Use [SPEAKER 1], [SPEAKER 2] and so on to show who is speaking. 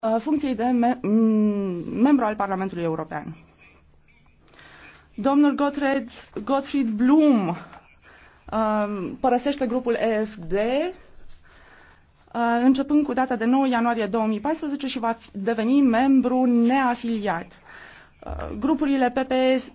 [SPEAKER 1] Uh, funcției de me- membru al Parlamentului European. Domnul Gottfried, Gottfried Blum uh, părăsește grupul EFD uh, începând cu data de 9 ianuarie 2014 și va deveni membru neafiliat. Grupurile PPS